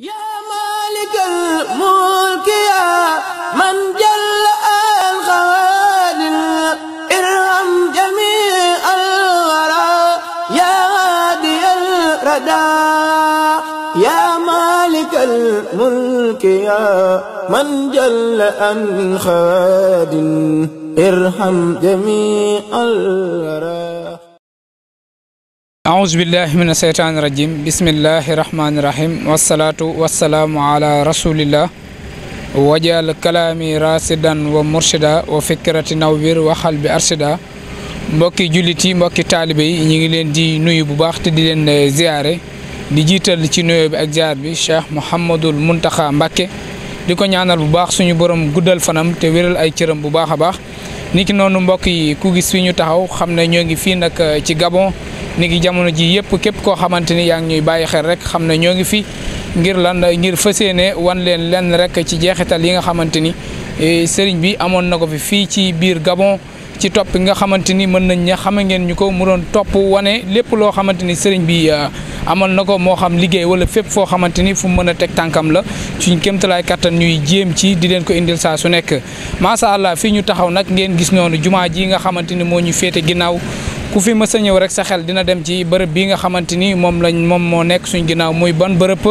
yaa maalikal mulki yaa man jàll al xawaadir irham jamii al waraa yaa haadiyal radaa yaa maalikal mulki yaa man jàll al xawaadir irham jamii al waraa ahousubillah min asheytaan irajim bismillahi irahmaniirahim wasalaatu wasalaamu ala rasulillah wajal kalaami rasidan wa murshida wa fikrati nawwir waxal bi arshida mbokki jullit yi mbokki taalibe yi ñu ngi leen di nuyu bu baax te di leen eh, ziyaare di jiital ci nuyoo bi ak ziar bi cheikh mouhamadul muntaxa mbàkke di ko ñaanal bu baax suñu borom guddal fanam te wéral ay cëram bu baax a baax niki noonu mbokk yi ku gis fi ñu taxaw xam ne ñoo ngi fii nag eh, ci gabon ni ngi jamono ji yëpp képp koo xamante ni yaa ngi ñuy bàyyi xel rek xam na ñoo ngi fi ngir lan ngir fas yéene wan leen lenn rek ci jeexital yi nga xamante ni e, sëriñ bi amoon na ko fi fii ci biir Gabon ci topp nga xamante ni mën nañ ña xama ngeen ñu ko mu doon topp wane lépp loo xamante ni sëriñ bi e, amal na ko moo xam liggéey wala fépp foo xamante ni fu mën a teg tànkam la suñ kémtalaay kattan ñuy jéem ci di leen ko indil saa su nekk macha allah fii ñu taxaw nag ngeen gis noonu jumaa ji nga xamante ni moo ñu féete ginnaaw ku fi mës a ñëw rek sa xel dina dem ci bërëb bi nga xamante ni moom lañ moom moo nekk suñ ginnaaw muy ban bërëb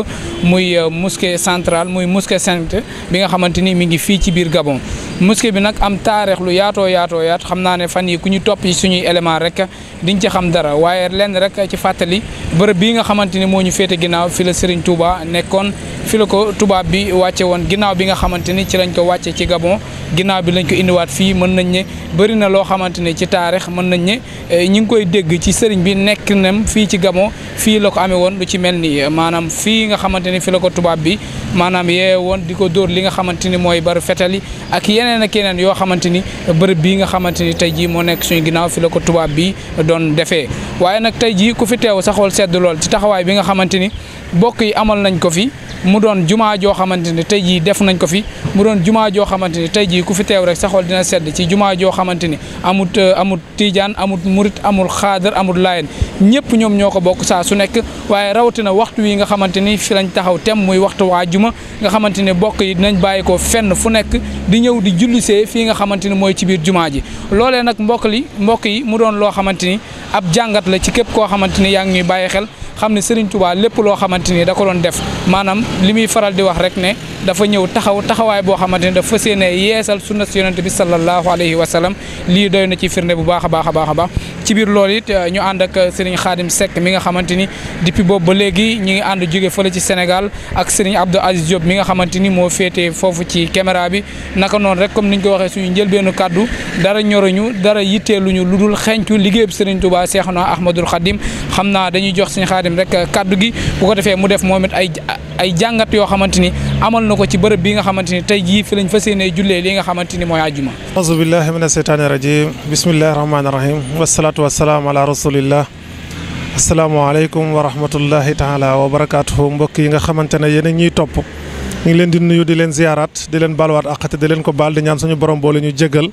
muy euh, mosquée centrale muy mosquée sainte bi nga xamante ni mi ngi fii ci biir Gabon mosquée bi nag am taarix lu yaato yaatoo yaat xam naa ne fan yi ku ñu topp ci suñuy élément rek diñ ci xam dara waaye lenn rek ci fàttali bërëb bi nga xamante ni moo ñu féete ginnaaw fi la Serigne Touba nekkoon fi la ko tubaab bi wàcce woon ginnaaw bi nga xamante ni ci lañ ko wàcce ci Gabon ginnaaw bi lañ ko indiwaat fii mën nañ ne bëri na loo xamante ne ci taarix mën nañ ne eh, ñi ngi koy dégg ci sëriñ bi nekk nam fii ci Gabon fii la ko amee woon lu ci mel ni eh, maanaam fii nga xamante ni fi la ko tubaab bi maanaam yee woon di ko dóor li nga xamante ni mooy bari fetali ak yeneen ak yeneen yoo xamante ni bërëb bii nga xamante ni tey jii moo nekk suñu ginnaaw fi la ko tubaab bi doon defee waaye nag tey jii ku fi teew sa xol sedd lool ci taxawaay bi nga xamante ni bokk yi amal nañ ko fi mu doon jumaa joo xamante ne tey jii def nañ ko fi mu doon jumaa joo xamante ne tey jii ku fi teew rek sa xol dina sedd ci jumaa joo xamante ni amut euh, amut tijaan amut murit amul xaadar amut layen ñëpp ñoom ñoo ko bokk saa su nekk waaye rawatina waxtu yi nga xamante ni fi lañ taxaw tem muy waxtu waa juma nga xamante ne bokk yi dinañ bàyyi ko fenn fu nekk di ñëw di jullisee fii nga xamante ni mooy ci biir jumaa ji loolee nag mbokk li mbokk yi mu doon loo xamante ni ab jàngat la ci képp koo xamante ni yaa ngi bàyyi xel xam ne Serigne Touba lépp loo xamante ni da ko doon def li muy faral di wax rek ne dafa ñëw taxaw taxawaay boo xamante ne dafa fas yéene yeesal sunna si yonent bi sallallahu alayhi wa sallam lii doy na ci firnde bu baax a baax a baax a baax ci biir lool it euh, ñu ànd ak Serigne Khadim Seck mi nga xamante ni depuis boobu ba léegi ñu ngi ànd jóge fële ci Sénégal ak Serigne Abdou Aziz Diop mi nga xamante ni moo féetee foofu ci caméra bi naka noonu rek comme ñu ko waxee su suñu njëlbeenu kàddu dara ñoruñu dara yitteeluñu lu dul xencu liggéeyub Serigne Touba Cheikhouna Ahmadoul Khadim xam naa dañuy jox Serigne Khadim rek kàddu gi bu ko defee mu def moom it ay ay jàngat yoo xamante ni amal na ko ci bërëb bii nga xamante ni tey jii fi lañ fas yéenee jullee li nga xamante ni mooy àjjuma aouzu billahi mina seytaani rajim bismillahi rahmaani rahim wasalaatu wasalaam ala rasulillah asalaamaaleykum wa rahmatullahi taala wa barakaatuhu mbokk yi nga xamante ne yéen a ñuy topp ñu ngi leen di nuyu di leen ziyaaraat di leen balwaat àqate di leen ko baal di ñaan suñu borom boole ñu jégal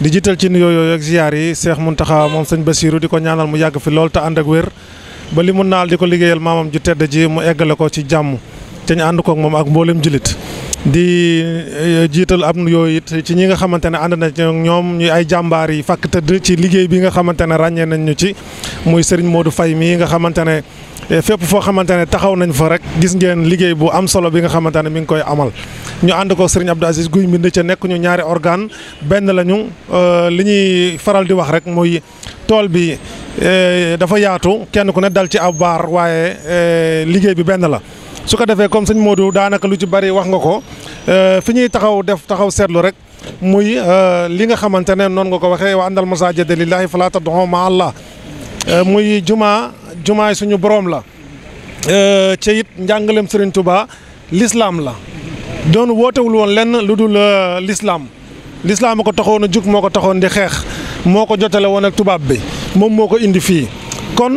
di jiital ci nuyoo yooyu ak ziyaar yi Cheikh Mountakha moom sëñ Bassirou di ko ñaanal mu yàgg fi lool te ànd ak wér ba li mu naal di ko liggéeyal maamam ju tedd ji mu eggale ko ci jàmm te ñu ànd kook moom ak mboolem jullit di eh, jiital am yooyu it ci ñi nga xamante ne ànd na ñoom ñu ay jàmbaar yi fàkk tëdd ci liggéey bi nga xamante ne ràññee nañ ñu ci muy moo Modou fay mii nga xamante ne eh, fépp foo xamante ne taxaw nañ fa rek gis ngeen liggéey bu am solo bi nga xamante ne mi ngi koy amal. ñu ànd ko Serigne Abdou Aziz Guy Mbind ca nekk ñu ñaari organe benn lañu eh, li ñuy faral di wax rek muy tool bi eh, dafa yaatu kenn ku ne dal ci ab baar waaye eh, liggéey bi benn la su ko defee comme sëñ Modou daanaka lu ci bari wax nga ko eh, fi ñuy taxaw def taxaw seetlu rek muy li nga xamante ne noonu nga ko waxee wa andal masaajida lillaahi falaa tad'uu ma'a allah muy jumaa jumaa suñu boroom la ci it njàngalem Sëriñ Tuubaa lislaam la doon wootewul woon lenn lu dul lislaam lislaam a ko taxoon a jug moo ko taxoon di xeex moo ko jotale woon ak tubaab bi moom moo ko indi fii kon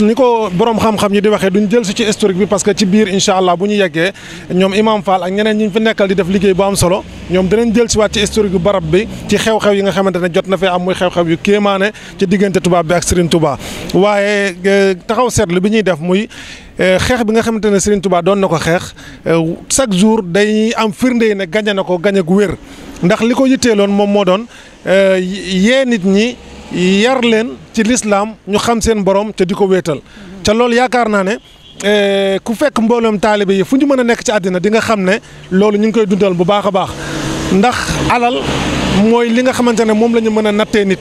ni ko borom xam-xam ñi di waxee duñ jël si ci historique bi parce que ci biir incha allah bu ñu yeggee ñoom imam Fall ak ñeneen ñi fi nekkal di def liggéey bu am solo ñoom dinañ jël si waat ci historique bu barab bi ci xew-xew yi nga xamante ne jot na fee am muy xew-xew yu kéemaane ci diggante tubaab bi ak Serigne Touba waaye eh, taxaw seetlu bi ñuy def muy. Eh, xeex bi nga xamante ne Serigne Touba doon na ko xeex eh, chaque jour day am firnde yi ne gañe na ko gañe gu wér ndax li ko yitteeloon moom moo doon eh, yee nit ñi yar leen ci lislaam ñu xam seen borom te di ko weetal te loolu yaakaar naa ne ku fekk mbooloom taalibe yi fu ñu mën a nekk ci àddina di nga xam ne loolu ñu ngi koy dundal bu baax a baax ndax alal mooy li nga xamante ne moom lañu mën a nattee nit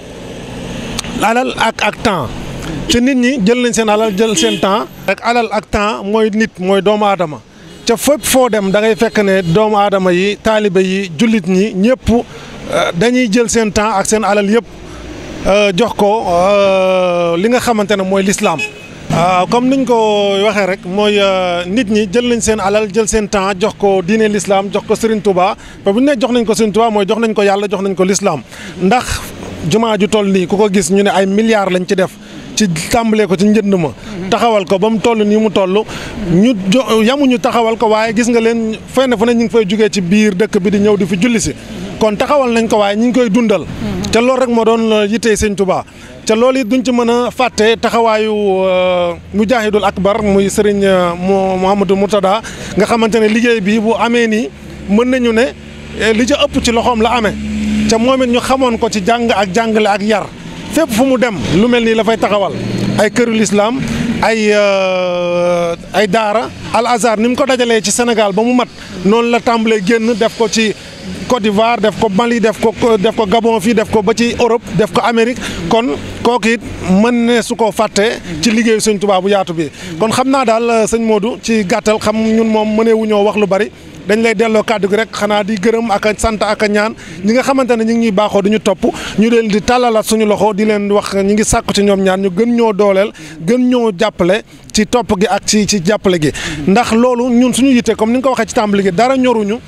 alal ak ak temps ci nit ñi jël nañ seen alal jël seen temps rek alal ak temps mooy nit mooy doomu aadama ca foo dem da ngay fekk ne doomu aadama yi taalibe yi jullit ñi ñëpp euh, dañuy jël seen temps ak seen alal yëpp euh, jox ko euh, li nga xamante ne mooy lislaam comme niñ ko waxee rek mooy nit ñi jël nañ seen alal jël seen temps jox ko diine lislaam jox ko Serigne Touba ba bu ñu nee jox nañ ko Serigne Touba mooy jox nañ ko yàlla jox nañ ko lislaam ndax jumaa ju toll nii ku ko gis ñu ne ay milliards lañ ci def ci tàmbalee ko ci njënd ma taxawal ko ba mu toll nii mu toll ñu yamuñu taxawal ko waaye gis nga leen fenn fu ne ñu ngi fay jugee ci biir dëkk bi di ñëw di fi julli si kon taxawal nañ ko waaye ñu ngi koy dundal te loolu rek moo doon yittey sëñ Touba te loolu it ñu ci mën a fàtte taxawaayu euh, mujahidul akbar muy sëriñ euh, Mouhamadou Murtada nga xamante ne liggéey bi bu amee nii mën nañu ne euh, li ca ëpp ci loxoom la amee te moom ñu xamoon ko ci jàng ak jàngale ak yar fépp fu mu dem lu mel nii la fay taxawal ay këru lislaam ay euh, ay daara al azhar ni mu ko dajalee ci Sénégal ba mu mat noonu la tàmbalee génn def ko ci Côte d'Ivoire def ko Mali def ko def ko Gabon fii def ko ba ci Europe def ko Amérique kon kooku it mën ne su ko fàttee ci liggéeyu sëñ Tuubaa yaatu bi kon xam naa daal euh, sëñ Modou ci gàttal xam ñun moom mëneewuñoo wax lu bari dañ lay delloo kàddu gi rek xanaa di gërëm ak a sant ak a ñaan ñi nga xamante ne ñu ngi ñuy baaxoo di ñu topp ñu leen di tàllalaat suñu loxo di leen wax ñu ngi sàkku ci ñoom ñaan ñu gën ñoo dooleel gën ñoo jàppale ci topp gi ak ci ci jàppale gi ndax loolu ñun suñu yittee comme ni nga ko waxee ci tàmbali gi dara ñoruñu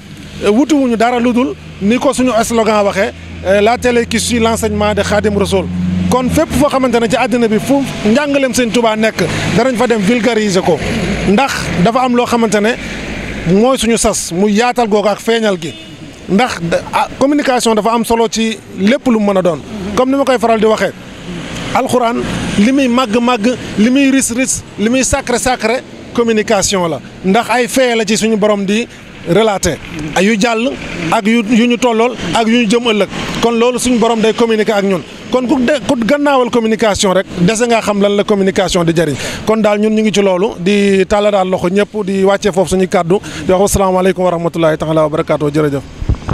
eh, wutuwuñu dara lu dul ni ko suñu slogan waxee eh, la télé qui suit l'enseignement de Khadim Rassoul kon fépp foo xamante ne ci àddina bi fu njàngaleem sëñ Touba nekk darañ fa dem vulgariser ko ndax dafa am loo xamante ne mooy suñu sas mu yaatal googu ak feeñal gi ndax ah, communication dafa am solo ci lépp lu mën a doon. comme ni ma koy faral di waxee. alxuraan li muy màgg-màgg li muy ris ris li muy sacré sacré communication la ndax ay fee la ci suñu borom di. relaate ay yu jàll ak yu yu ñu tollool ak yu ñu jëm ëllëg kon loolu suñu borom day communiquer ak ñun kon ku de ku gannaawal communication rek dese nga xam lan la communication di jariñ kon daal ñun ñu ngi ci loolu di tàlla daal loxo ñëpp di wàccee foofu suñu kàddu di wax asalaamaaleykum wa rahmatulahi taala wa barakaatu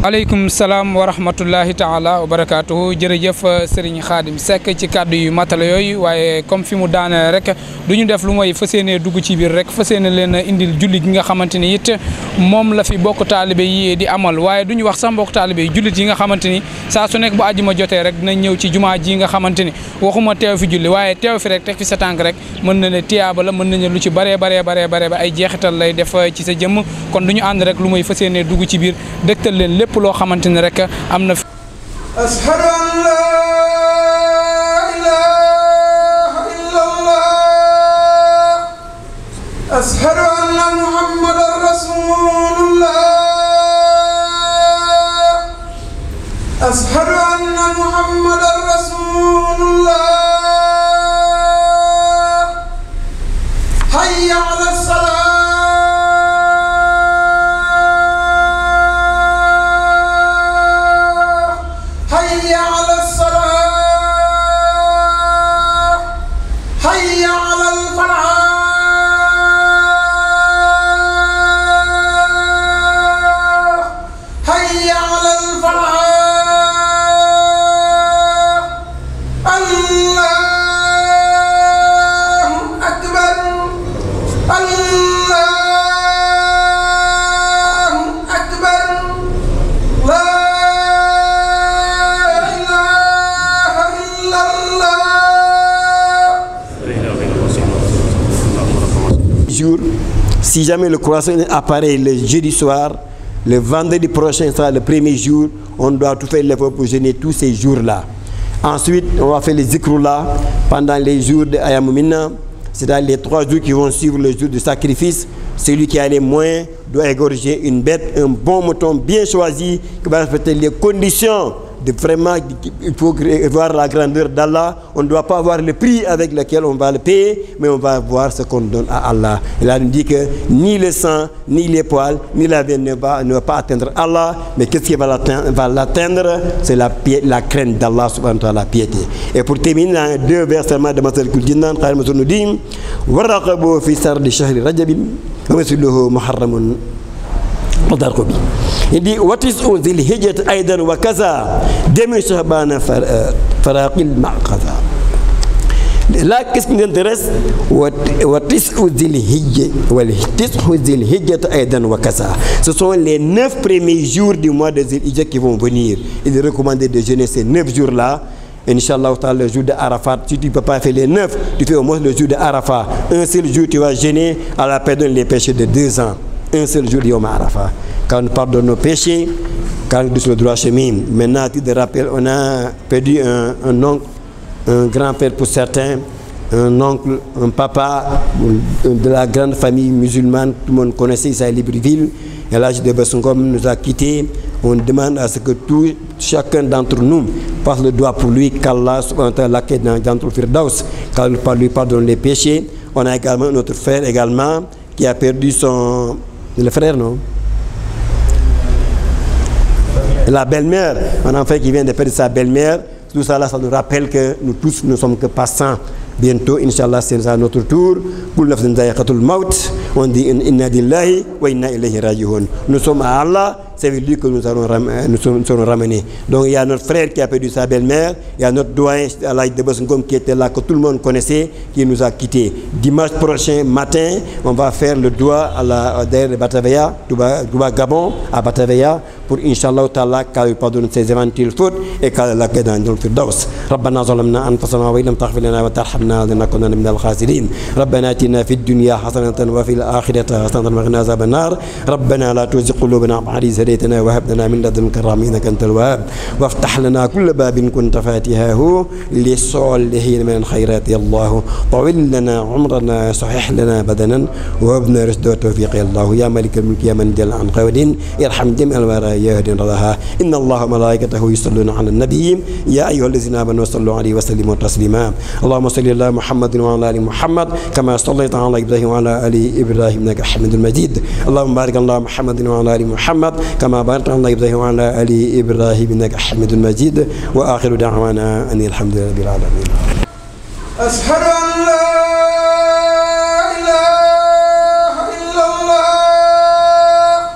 aleykum salaam wa rahmatullahi taala wa barakaatuhu jërëjëf euh, Serigne Khadim Seck ci kàddu yu matala yooyu waaye comme fi mu daanee rek du ñu def lu mooy fas yéene dugg ci biir rek fas yéene leen indil jullit gi nga xamante ni it moom la fi bokk taalibe yi di amal waaye du ñu wax sax mbokk taalibe yi jullit yi nga xamante ni saa su nekk bu àjjuma jotee rek dinañ ñëw ci jumaa ji nga xamante ni waxuma teew fi julli waaye teew fi rek teg fi sa tànk rek mën na ne tiyaaba la mën na lu ci baree baree baree baree ay jeexital lay def ci sa jëmm kon du ñu ànd lu mooy fas yéene dugg ci biir lépp loo xamante ni rek am na أشهد أن محمدا رسول الله أشهد أن محمدا رسول الله si jamais le croissant apparaît le jeudi soir, le vendredi prochain sera le premier jour, on doit tout faire l'effort pour jeûner tous ces jours-là. Ensuite, on va faire les zikroulas pendant les jours de Ayamumina, cest les trois jours qui vont suivre le jour du sacrifice. Celui qui a les moyens doit égorger une bête, un bon mouton bien choisi qui va respecter les conditions de vraiment, il faut voir la grandeur d'Allah. On doit pas voir le prix avec lequel on va le payer, mais on va voir ce qu'on donne à Allah. Et là, il dit que ni le sang, ni les poils, ni la veine ne va, ne va pas atteindre Allah, mais quest va l'atteindre C'est la, crainte d'Allah, subhanahu piété. Et pour terminer, dans deux versets de Masal Kuljinan, Khayr Masal nous dit وَرَقَبُوا فِي سَرْدِ شَهْرِ رَجَبٍ وَمَسُلُّهُ مُحَرَّمٌ وَضَرْقُ بِهِ di wa tis'un zil hijjati aydan wa kaza demi e shahbana uh, faraqil maqaza la qu'est-ce qui nous intéresse wa tis'u zil hijja wa tis'u zil hijjati aydan wa kaza ce sont les premiers jours du mois de zil hijja qui vont venir il est recommandé de jeûner ces jours là incha allahu taala le jour de Arafat si tu ne les neuf tu fais au le jour de Arafat un seul jour tu vas jeûner à la les péchés de deux ans un seul jour yawma Arafat car nous pardonne nos péchés, car nous sur le droit chemin. Maintenant, à titre rappel, on a perdu un, oncle, un grand-père pour certains, un oncle, un papa de la grande famille musulmane, tout le monde connaissait Libreville. Et l'âge de Bessongom nous a quittés. On demande à ce que tout, chacun d'entre nous passe le doigt pour lui, qu'Allah soit l'acquête d'entre Firdaus, car lui pardonne les péchés. On a également notre frère également qui a la belle-mère, un enfant qui vient de perdre sa belle-mère, tout ça là, ça nous rappelle que nous tous ne sommes que passants. Bientôt, Inch'Allah, c'est à notre tour. On dit Inna dillahi wa inna ilayhi raji'un. Nous sommes à Allah c'est avec lui que nous allons euh, nous serons ramenés. Donc il y a notre frère qui a perdu sa belle-mère, il y a notre doyen Alaï de Bosngom qui était là, que tout le monde connaissait, qui nous a quittés. Dimanche prochain matin, on va faire le doigt à la euh, derrière Batavia, Touba Gabon, à Batavia, pour Inch'Allah Ta'ala qu'elle pardonne ses éventuelles fautes et qu'elle la dans le Firdaus. ربنا ظلمنا أنفسنا وإن لم تغفر لنا وترحمنا لنكونن من الخاسرين ربنا آتنا في الدنيا حسنة اهتديتنا وهب لنا من لدنك الرحمة إنك أنت الوهاب وافتح لنا كل باب كنت فاتحه لصالحين من الخيرات يا الله طول لنا عمرنا صحح لنا بدنا وابنا رشد وتوفيق يا الله يا ملك الملك يا من جل عن قول ارحم جميع الورى يا هدين رضاها إن الله ملائكته يصلون على النبي يا أيها الذين آمنوا صلوا عليه وسلموا تسليما اللهم صل على محمد وعلى آل محمد كما صليت على إبراهيم وعلى آل إبراهيم إنك حميد مجيد اللهم بارك على محمد وعلى آل محمد kama baaraka ala ibrahima wa ala ali ibrahima innaka hamidun majid wa axiru daawana ani alhamdulillahi rabbil alamin ashhadu an laa ilaaha illallah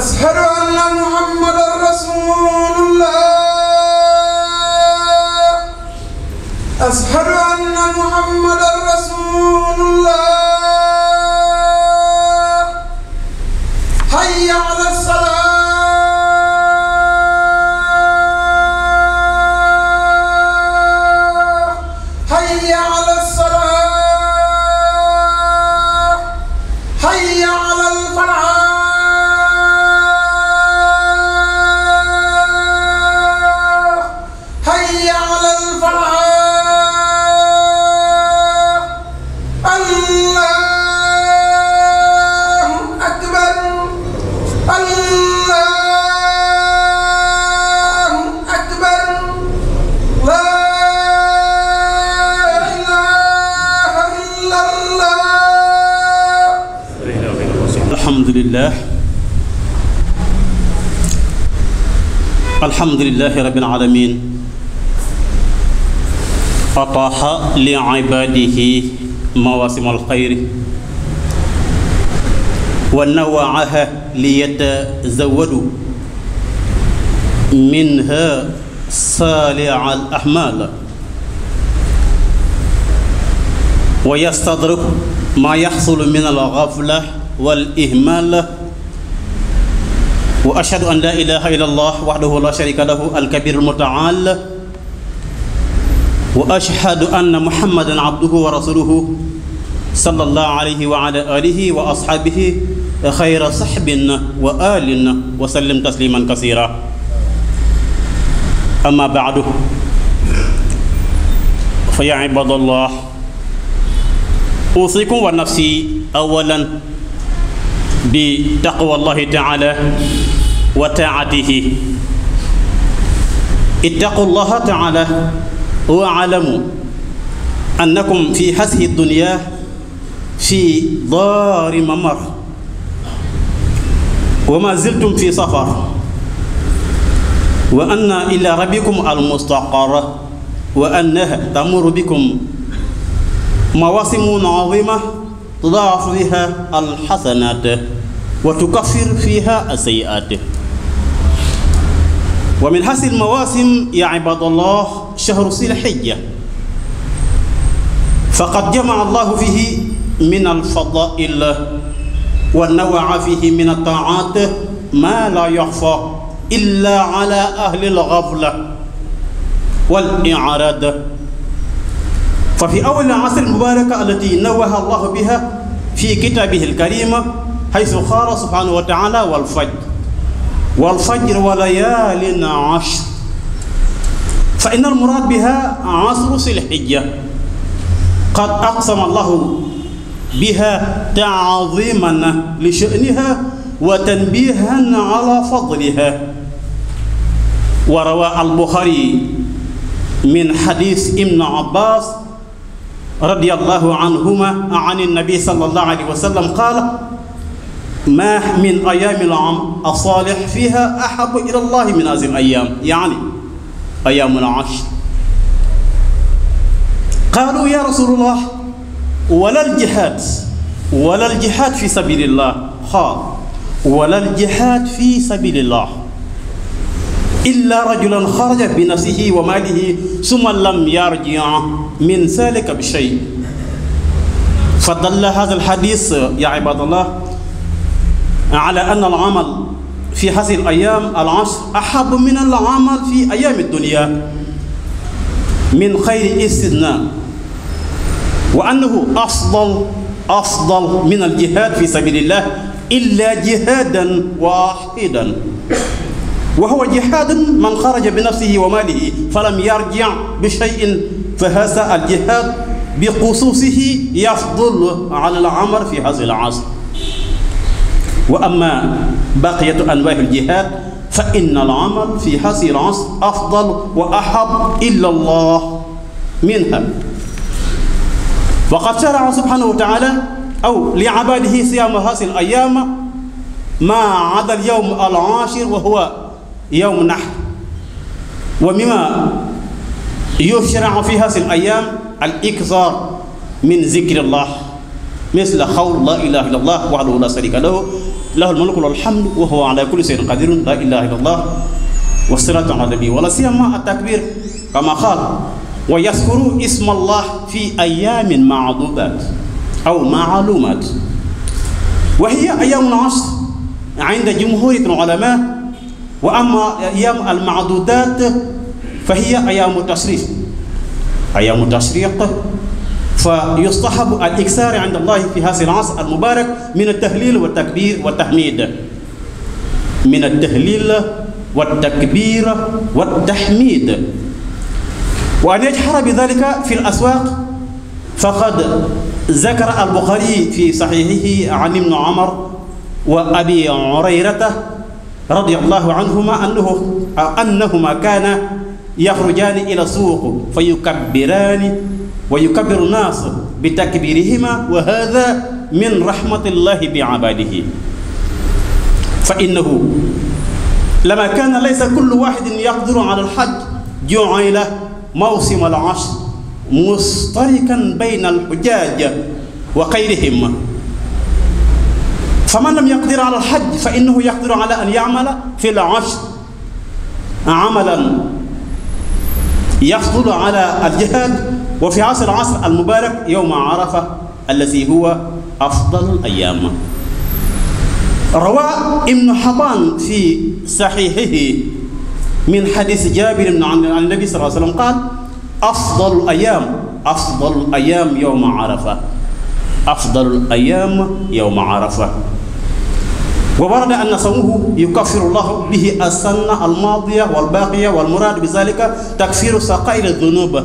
ashhadu anna muhammadan rasulullah ashhadu anna muhammadan rasulullah alhamdulilahi rabbil alamin fataha li ibadihi mawasimal xayri wa nawaaha li yetazawadu minha saalia al ahmal wa yastadriku ma yaxsulu min al gafla wal ihmal wa ashhadu an laa ilaha illa allah waxdahu la sharika lahu alkabir almutaal wa ashhadu anna muhammadan abduhu wa rasuluhu sallallahu alayhi wa ala alihi wa ashaabihi xayra saxbin wa alin wa sallim tasliman kasira amma baadu fa yaa ibadallah uusikum wa nafsi awalan bi taqwallahi taala wa taatihi ittaqu llaha taala wa aalamu annakum fi hashi dunya fi daari mamar wa ma ziltum fi safar wa anna ila rabbikum almustaqara wa annaha tamuru bikum mawasimun azima tudaaf biha alxasanaat wa tukaffir fiha asayiaat wa min xasi almawaasim ya ibaadallah shahru silxija faqad jamaca allahu fihi min alfadail wa nawaa fihi min altaaat ma la yaxfa illa ala ahli algafla wal iraada fa fi awal asr mubaraka allati nawaha allahu biha fi kitaabihi alkarima xaysu xaara subhanahu wa taala wal fajr wal fajr wa layaalin ashr fa inna almuraad biha asru silxijja qad aqsama allahu biha taaziman li sha'niha wa tanbihan ala fadliha wa rawa albuxaari min xadis ibn abbas رضي الله عنهما عن النبي صلى الله عليه وسلم قال ما من أيام العام الصالح فيها أحب إلى الله من هذه الأيام يعني أيام العشر قالوا يا رسول الله ولا الجهاد ولا الجهاد في سبيل الله قال ولا الجهاد في سبيل الله illa rajulan xaraja bi nafsihi wa maalihi summa lam yarji min zalika bi shay fa dalla hada alxadis ya ibadallah ala anna alamal في هذه الأيام العصر أحب من العمل في أيام الدنيا من خير استثناء وأنه أفضل أفضل من الجهاد في سبيل الله إلا جهادا واحدا wa huwa jihaadun man xaraja bi nafsihi wa maalihi fa lam yarji bi cheyin fa haasa al jihaad bi xusuusihi yafdul ala al amar fi haasi al asr wa amma baqiyatu anwaahi al jihaad fa inna al amal fi haasi al asr afdal wa ahab illa allah minha wa qad sharaca subhanahu wa taala aw li ibaadihi siyaama haasi al ayaama maa ada al yawm al aashir wa huwa يوم نحر ومما يشرع في هذه الأيام الإكثار من ذكر الله مثل قول لا إله إلا الله وحده لا شريك له له الملك وله الحمد وهو على كل شيء قدير لا إله إلا الله والصلاة على النبي ولا سيما التكبير كما قال ويذكر اسم الله في أيام معدودات أو معلومات وهي أيام العصر عند جمهور العلماء wa amma ayaamu almaadudat fa hiya ayaamu tashriq ayaamu tashriq fa yustahabu al iksaar inda allahi fi haasi al-asr al-mubaarak min at-tahlil wa takbir wa tahmid min at-tahlil wa takbir wa tahmid wa an yajhara bi dhalika fi al-aswaaq faqad zakara al-Buxaari fi saxiixihi an ibni Umar wa abi Hurayrata رضي الله عنهما أنه أنهما كانا يخرجان إلى السوق فيكبران ويكبر الناس بتكبيرهما وهذا من رحمة الله بعباده فإنه لما كان ليس كل واحد يقدر على الحج جعل موسم العشر مشتركا بين الحجاج وغيرهم fa man lam yaqdir ala alxaj fa innahu yaqdiru ala an yamala fi l ashr amalan يحصل على الجهاد وفي عصر العصر المبارك يوم عرفة الذي هو أفضل الأيام روى ابن حبان في صحيحه من حديث جابر عن النبي صلى الله عليه وسلم قال أفضل الأيام أفضل الأيام يوم عرفة أفضل الأيام يوم عرفة wa warada anna sawmuhu yukaffiru llahu bihi as-sanna al-maadiya wal-baaqiya wal-muraadu bi zaalika takfiiru saqaa'iri dunuuba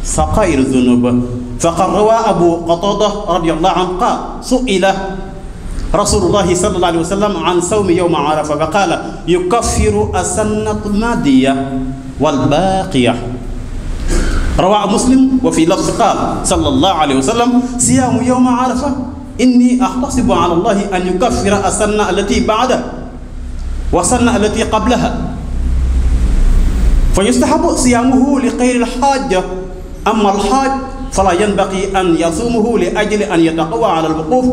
saqaa'iri dunuuba faqad rawaa abu qataada radiyallahu anhu qaala su'ila rasuulullahi sallallahu alayhi wa sallam an sawmi yawmi arafa fa qaala yukaffiru as-sanna al-maadiya wal-baaqiya rawaa muslim wa fi lafzi qaala sallallahu alayhi wa sallam siyaamu yawmi arafa inni axtasibu ala allahi an yukaffira asanna allati baada wa sanna allati qablaha fa yustahabu siyaamuhu li xayri alxaaja ama alxaaj fala yanbaqi an yasuumuhu li ajli an yataqawa ala alwuquuf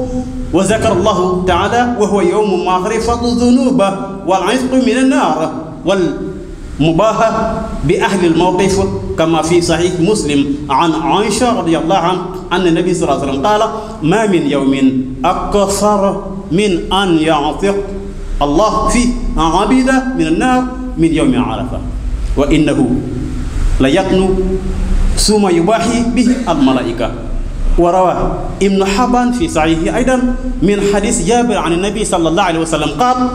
wa zakara allahu taala wa huwa yowmu maxrifatu dunuba wal isqu min annaar wal mubaaha bi ahlil mawqif kama fi saxiix muslim an Aïcha radiyallahu anha anna nabi sallallahu alayhi wa sallam qaala maa min yawmin akthara min an ya'tiq allah fi abida min annaar min yawmi arafa wa innahu la yatnu suma yubaahi bihi almalaika wa rawa ibnu xaban fi saxiixihi aydan min xadis jaabir an nabi sallallahu alayhi wa sallam qaala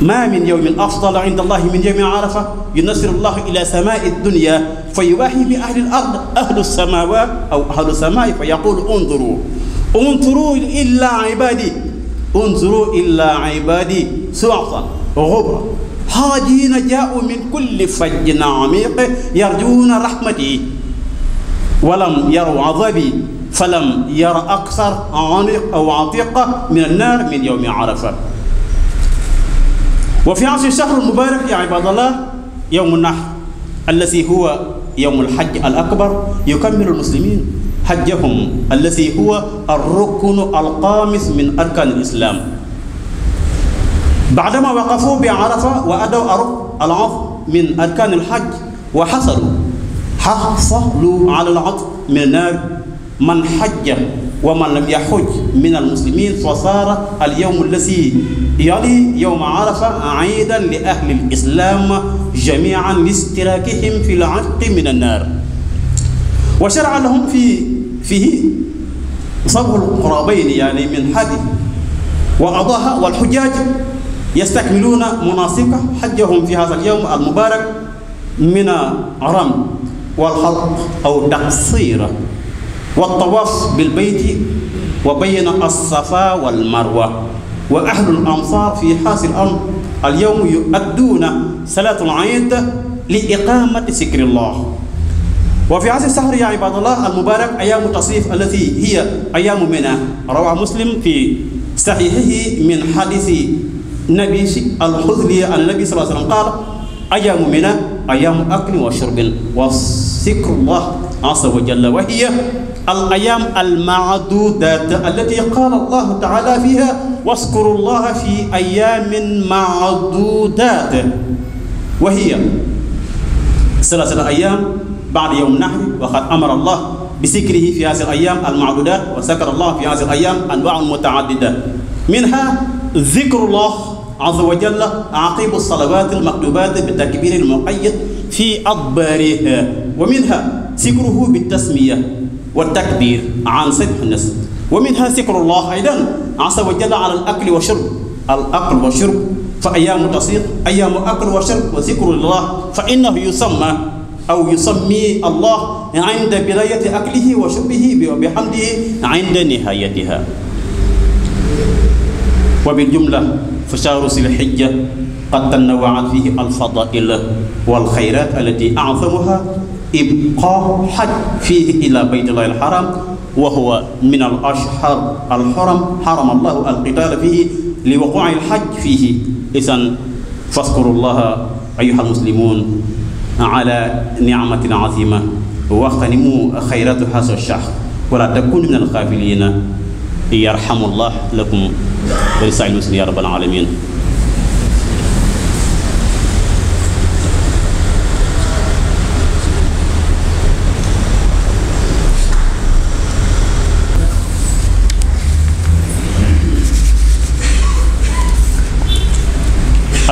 ما من يوم أفضل عند الله من يوم عرفة ينصر الله إلى سماء الدنيا فيواحي بأهل الأرض أهل السماوات أو أهل السماء فيقول انظروا انظروا إلا عبادي انظروا إلا عبادي سعطا غبرا حاجين جاءوا من كل فج عميق يرجون رحمتي ولم يروا عذابي فلم ير أكثر عميق أو عتيق من النار من يوم عرفة wa fi asi shahrul mubarak ya ibadallah yowmu nahr allazi huwa yowmu alxajj al akbar yukammilu almuslimin xajjahum allazi huwa alruknu alxaamis min arkaan alislam baadama waqafu bi arafa wa adaw aruk alaf min arkaan alxajj wa xasalu xasalu ala alatf min naar man xajja wa man lam yaxuj min al muslimin fa saara al yowm allasi yali yowma arafa iidan li ahli l islam jamian li istiraakihim fi l atqi min an naar wa sharaa lahum fi fihi sabu lqurabayn yani min hadi wa adaha walxujaj yastakmiluuna munasika xajahum fi hada al yowm al mubarak min ram walxalq aw taqsira wa tawaaf bil bayti wa bayyana as-safa wal marwa wa ahlul amsa fi xaasil am al yawm yuadduuna salaatul iid li iqaamati zikrillah wa fi asi sahr ya ibadallah al mubarak ayaamu tasrif allati hiya ayaamu mina rawa muslim fi saxiixihi min xadisi nabi si al xudliya an nabi sallallahu alayhi wa sallam qaala ayaamu mina ayaamu aklin wa shurbin wa zikrullah azza wa jalla wa hiya الأيام المعدودات التي قال الله تعالى فيها واذكروا الله في أيام معدودات وهي ثلاثة أيام بعد يوم النحر وقد أمر الله بذكره في هذه الأيام المعدودات وذكر الله في هذه الأيام أنواع متعددة منها ذكر الله عز وجل عقيب الصلوات المكتوبات بالتكبير المقيد في أدبارها ومنها ذكره بالتسمية والتكبير عن صدح النسب ومنها ذكر الله أيضا عز وجل على الأكل والشرب الأكل والشرب فأيام تصير أيام أكل وشرب وذكر الله فإنه يسمى أو يسمي الله عند بداية أكله وشربه وبحمده عند نهايتها وبالجملة فشهر ذي الحجة قد تنوعت فيه الفضائل والخيرات التي أعظمها ibqa xaj fii ila baytillahi alxaram wa huwa min al ashhar alxaram xarama allahu alqitaala fiihi li waquci alxaj fiihi isan faskuru llaha ayuha almuslimun ala nicmatin azima waqtanimu xayratu hasa shahr wala takunu min alxaafilina yarhamu llah lakum wa lisaa'il muslimin ya rabbal alamin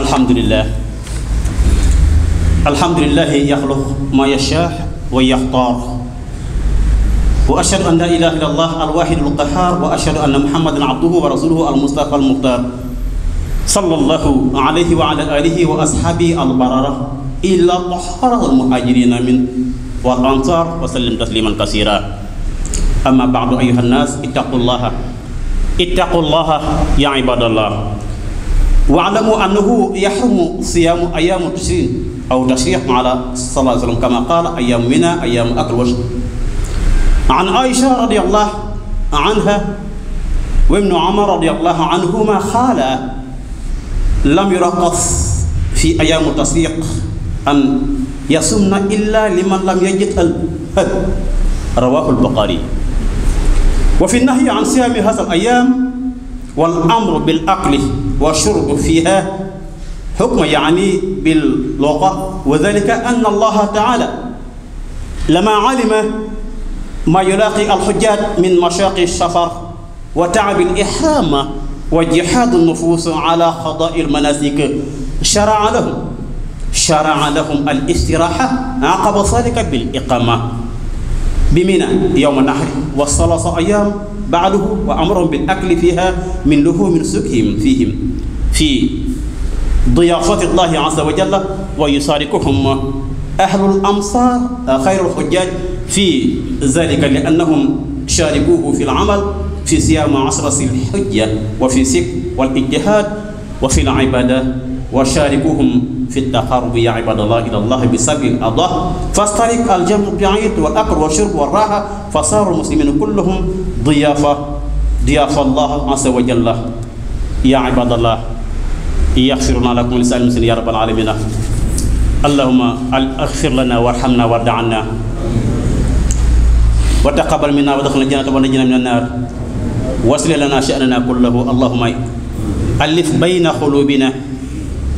alhamdulilah alhamdulilahi yaxluq ma yashaa wa yaxtaar wa ashhadu an laa ilaha illa allah alwaxidu alqahaar wa ashhadu anna muhammadan abduhu wa rasuluhu almustafa almuxtaar sallallahu alayhi wa ala alihi wa asxaabihi albarara illa tahara almuhaajirina min wal ansaar wa sallim tasliman kasira amma baadu ayuha nnaas ittaqullaha ittaqullaha ya ibadallah waalamu annahu yaxrumu siyaamu ayaamu tashrin aw tashriix ala sallallahu alayhi wa sallam kama qaala ayaamu mina ayaamu akl wash an aisha radiyallahu anha wa ibnu umar radiyallahu anhuma qaala lam yuraqas fi ayaamu tasdiq an yasumna illa liman lam yajid al had rawahu albuxaari wa fi nahyi an siyaami hada al ayaam wal amru bil aqli والشرب فيها حكم يعني باللغة وذلك أن الله تعالى لما علم ما يلاقي الحجاج من مشاق السفر وتعب الإحرام وجحاد النفوس على قضاء المناسك شرع لهم شرع لهم الاستراحة عقب ذلك بالإقامة bi mina yowma naxri wa salasa ayaam baaduhu wa amrahum bil akli fiha min luhumin sukhim fihim fi diyaafati llahi azza wa jalla wa yusaarikuhum ahlul amsaar xayrul xujjaaj fi zalika li annahum shaarikuuhu fi lamal fi siyaama asrasi lxujja wa fi sikk wal ijtihaad wa fi l ibaada wa shaarikuhum في التقرب يا عباد الله إلى الله بسبيل الله فاسترك الجمع البعيد والأكل والشرب والراحة فصار المسلمين كلهم ضيافة ضيافة الله عز وجل يا عباد الله يغفر لنا لكم لسائر المسلمين يا رب العالمين اللهم اغفر لنا وارحمنا وارض عنا وتقبل منا وادخلنا الجنة ونجنا من النار واصلح لنا شأننا كله اللهم ألف بين قلوبنا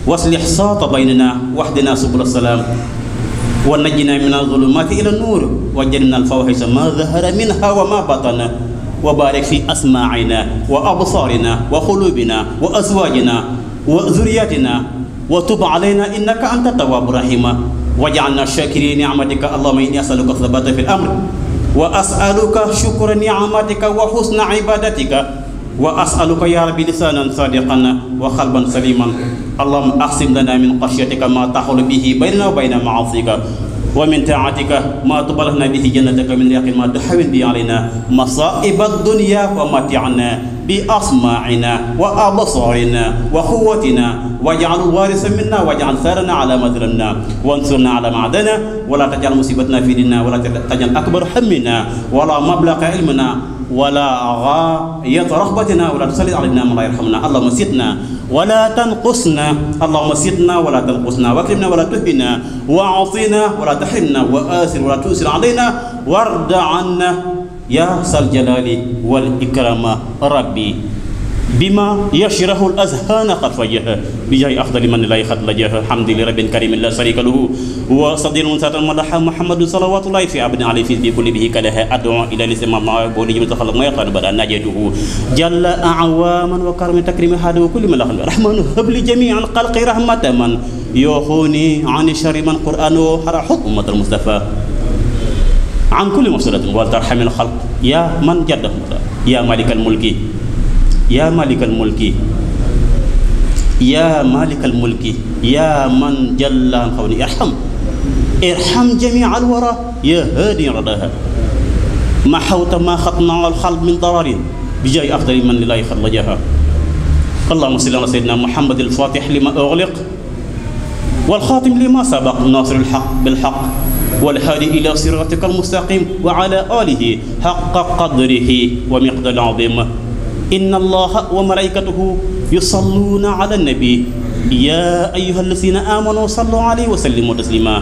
waslix saata baynana wahdina subula salaam wa najjina min azulumaati ila nuur wa jannina alfawaxisa ma dahara minha wa ma batana wa barik fi asmaacina wa absaarina wa xuluubina wa azwaajina wa zuriyaatina wa tub alayna innaka anta tawaabu rahima waj'alna shaakiri nicmatika allahuma inni asaluka sabata fi l amr wa asaluka shukra nicmatika wa xusna ibadatika wa asaluka yaa rabbi lisaanan saadiqan wa xalban saliman allahuma axsim lana min xashyatika maa taxulu bihi baynana wa bayna maasika wa min taatika maa tubalaxna bihi jannataka min yaqin maa tuxawin bi alayna masaiba dunya wa matiana bi asmaina wa absarina wa quwatina waj'al warisa minna waj'al tharana ala man zalamna wansurna ala man adana wala taj'al musibatana fi dinina wala taj'al akbar hammina wala mablaga ilmina ولا غاية رغبتنا ولا تسلط علينا من لا يرحمنا اللهم سدنا ولا تنقصنا اللهم سدنا ولا تنقصنا واكرمنا ولا تهنا واعطنا ولا تحرمنا وآثر ولا تؤثر علينا وارض عنا يا ذا الجلال والإكرام ربي bima yashrahu al azhana qad fajaha bi jaay afdali man lay xat la jaha hamdi li rabbil karim la sharika lahu wa sadinun satan madaha muhammadu salawatullahi fi abdin ali fi bi kulli bihi kalaha ad'u ila lisma ma bo ni jëm taxal ma yaqan bada najatuhu jalla awaman wa karmi takrimi hadu kulli man lahal rahman habli jami'an khalqi rahmatan man yukhuni an sharri man qur'anu hara hukmat al mustafa an kulli mafsadatin wal tarhamil khalq ya man jaddah ya malikal mulki yaa malikal mulki yaa malikal mulki yaa man jallaan xaw ni irham irham jamii al wara yaa haadi radaha ma xawta ma xatna al xalb min dararin bi jaay afdali man lilaahi xat lajaha allahuma salli ala sayyidina muhammad al fatih lima ughliq wal xaatim lima sabaq nasir al xaq bil xaq wal haadi ila siratika al mustaqim wa ala alihi xaqa qadrihi wa miqdar azim inna allaha wa malaykatahu yusalluuna ala nabi ya ayuha alladina amanu sallu alayhi wa sallimu taslima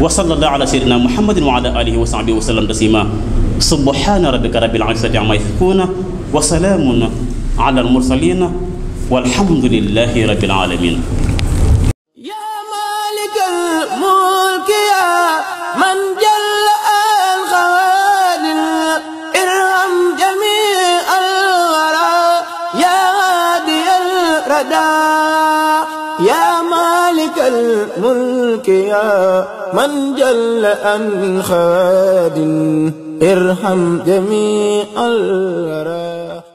wa sallallahu ala sayyidina muhammadin wa ala alihi wa sahbihi wa sallam taslima subhana rabbika rabbil izzati amma yasifuna wa salaamun ala almursalina walhamdulillahi rabbil alamin من جل أن خاد ارحم جميع الورى